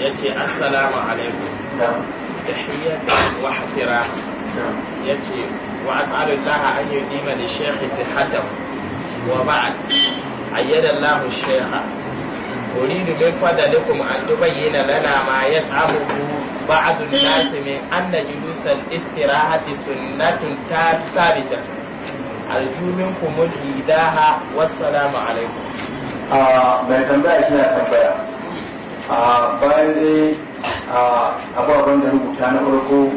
ya ce assalamu alaikum tahiyyatan wa hatirahi ya ce wa as'alullaha an yudima li shaykhi sihhatahu wa ba'd ayyada a bayan dai a ababen da rubuta na farko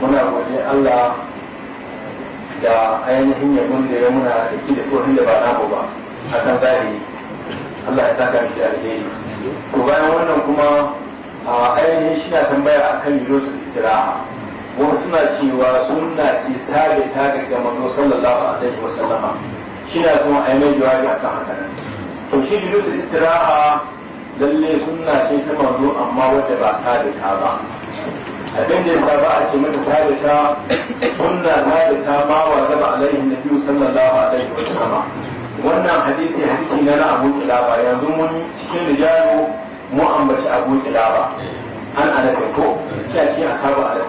muna gode Allah da ainihin yabon da ya muna da ki da tsohon da ba na ba a kan zahiri Allah ya saka shi alheri to bayan wannan kuma a ainihin shi na tambaya akan yiro su istiraha wasu suna cewa suna ce ta ga manzo sallallahu alaihi wasallama shi na son a yi mai jawabi akan haka to shi yiwu su istiraha lalle sunna ce ta mazo amma wadda ba sabita ba abin da ya ba a ce mata sabita sunna sabita ma wa zaba alaihi nabiyyu sallallahu alaihi wa sallama wannan hadisi hadisi na na Abu ba yanzu mun cikin rijalu mu ambaci Abu ba an alasai ko shi a cikin ashabu Anas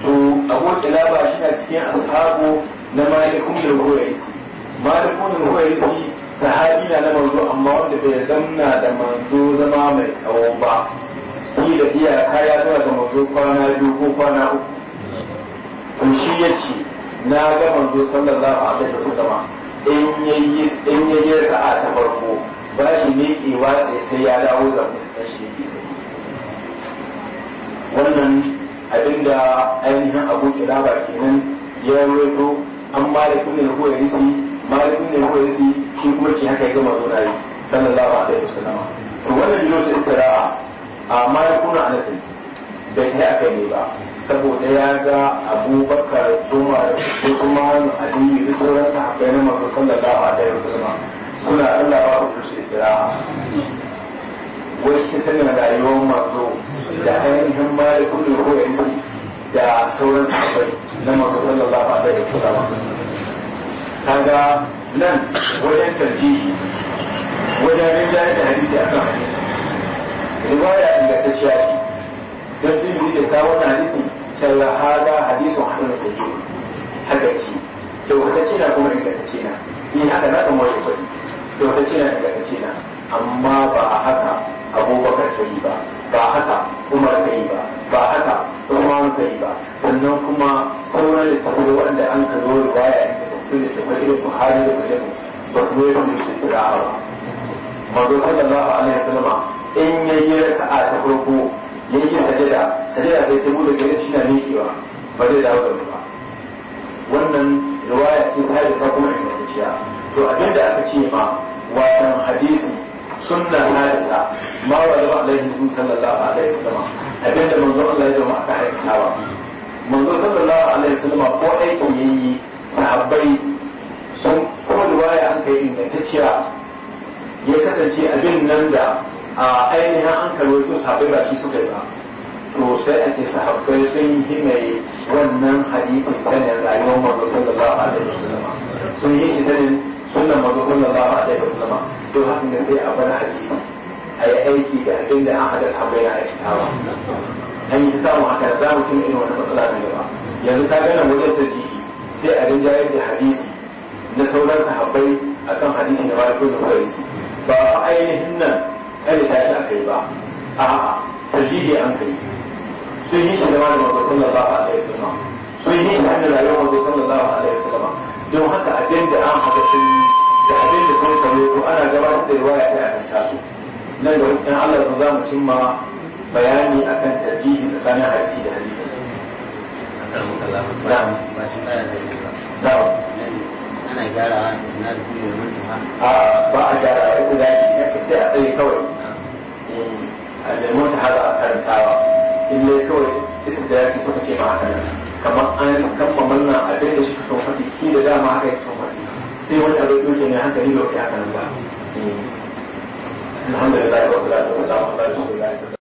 to Abu ba shi a cikin asabu na da Malik ibn Huwaysi Malik ibn Huwaysi sahabi na na manzo amma wanda bai zamna da manzo zama mai tsawo ba shi da iya kaya zuwa ga manzo kwana biyu ko kwana uku to shi ya ce na ga manzo sallallahu alaihi wasallama in yayi in yayi a ta farko ba shi ke sai sai ya dawo za mu saka shi yake sai wannan abinda ainihin abu kilaba kenan ya rawaito an malikin ne ko ya risi malikin ne ko ya risi shi kuma ce haka ya gama zo yi ɗaya alaihi wasallama to wannan julusul istira'a amma ya kuna a da ta yi aka ne ba saboda ya ga abubakar umar usman aliyu da sauran sa haka yana masu sahabbai na manzo ɗaya alaihi wasallam suna Allah ba su da istiraha wani sannan na rayuwar mato da ainihin malikul ruhu da sauran sa sahabbai na manzo ɗaya alaihi wasallam kaga nan wajen tarjihi wajen rinjaye da hadisi a kan hadisi riwaya ingantacciya ce don tirmidhi da kawo na hadisin cewa haga hadisun hasan sahih hagaci da wata na kuma ingantacce na ni haka na kamar wajen kwari da wata na ingantacce na amma ba a haka abubakar ta yi ba ba haka umar ka yi ba ba haka umar ka yi ba sannan kuma sauran da waɗanda an ka zo riwaya cikin littattafai irin hali da muslim ba su yi wani shi tsira ba manzo sallallahu alaihi wasallam in yayi raka'a ta farko yayi sajada sajada sai ta bude gare shi na mikewa ba zai dawo da ba wannan riwaya ce sai ta kuma ingantacciya to abin da aka ce ma wannan hadisi sunna hadita ma wa da alaihi sallallahu alaihi wasallam abin da manzo Allah ya jama'a ka aikatawa manzo sallallahu alaihi wasallam ko aikin yayi sahabbai sun kowa ya an kai ingantacciya ya kasance abin nan da a ainihin an karo su sahabbai ba shi suka yi ba to sai a ce sahabbai sun yi mai wannan hadisi sanin rayuwar manzo sallallahu alaihi wasallam sun yi shi sanin sunnan manzo sallallahu alaihi wasallam to hakan da sai a bar hadisi a yi aiki da abin da an haɗa sahabbai na aikatawa an yi samun haka za mu cin irin wani matsala ne ba yanzu ta gana wajen tarjihi sai a rinjaye da hadisi na sauran sahabbai akan hadisi na kuma ibn farisi ba a ainihin nan kare shi a kai ba a tarjihi an kai sun yi shi da malik ibn sallallahu alaihi wasallam sun yi shi da rayuwar manzo sallallahu alaihi wasallam don haka abin da an haka sun da abin da kun kare ko ana gabatar da riwaya ta akan taso. nan da in Allah ya za mu cimma bayani akan tarihi tsakanin hadisi da hadisi نعم نعم ana gyarawa na da kuma yamin ta a ba a gyarawa ya kula shi ya sai a tsaye kawai a lemon ta haza a karantawa in dai kawai isin da yake suka ce ma haka nan kamar an kamma manna abin da shi ka son faɗi ki da dama haka ya son faɗi sai wani abin doke ne hankali da wata haka nan ba alhamdulillah wa salatu wa salam ala rasulillah